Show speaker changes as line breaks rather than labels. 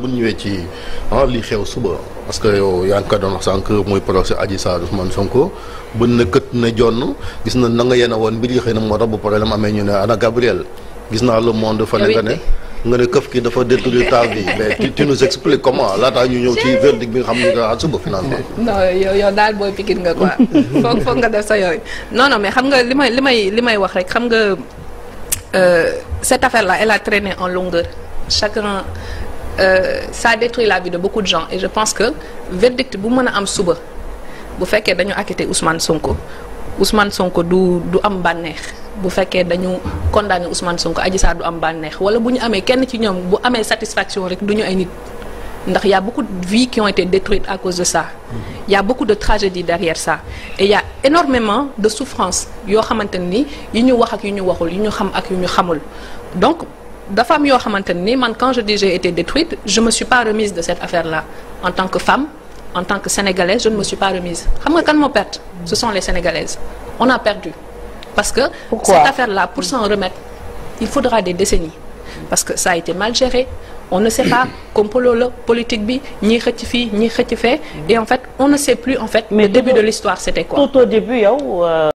bu ñu ñëwee ci ah xew suba parce que yow yaa ngi ko doon wax sànq muy procès Adji Sarr Ousmane Sonko bën na kët na jonn gis na na nga woon mbir yi xëy na moo tax bu problème amee ñu ne ana Gabriel gis naa le monde fa nga ne. nga ne këf ki dafa détourné taal bi mais tu tu nous expliques comment laataa ñu ñëw ci verdict bi nga xam ne daal suba finalement.
non yow yow daal booy pikin nga quoi. foog nga def sa yooyu. non mais xam nga li may li may li may wax rek xam nga euh, cette affaire là elle a traîné en longueur sa euh, détruit la vie de beaucoup de gens et je pense que verdict bu mën a am suba bu fekkee dañu acquitté Ousmane Sonko Ousmane Sonko du du am bànneex bu fekkee dañu condamné Ousmane Sonko aji Sarr du am bànneex wala bu ñu amee kenn ci ñoom bu amee satisfaction rek du ñu ay nit ndax yaa a beaucoup de vies qui ont été détruites à cause de ça y a de tragédies derrière ça et y a énormément de souffrances yoo xamante ni yi ñu wax ak yu ñu waxul yu ñu xam ak yu ñu xamul dafa am yoo xamante ne ni man quand je dis j'ai été détruite je me suis pas remise de cette affaire là en tant que femme en tant que sénégalaise je ne me suis pas remise xam nga ce sont les sénégalaises on a perdu parce que Pourquoi? cette affaire là pour s'en remettre il faudra des décennies parce que ça a été mal géré on ne sait pas complot la politique bi ñiy xëcc fii ñiy xëcc et en fait on ne sait plus en fait mais le début de l'histoire c'était quoi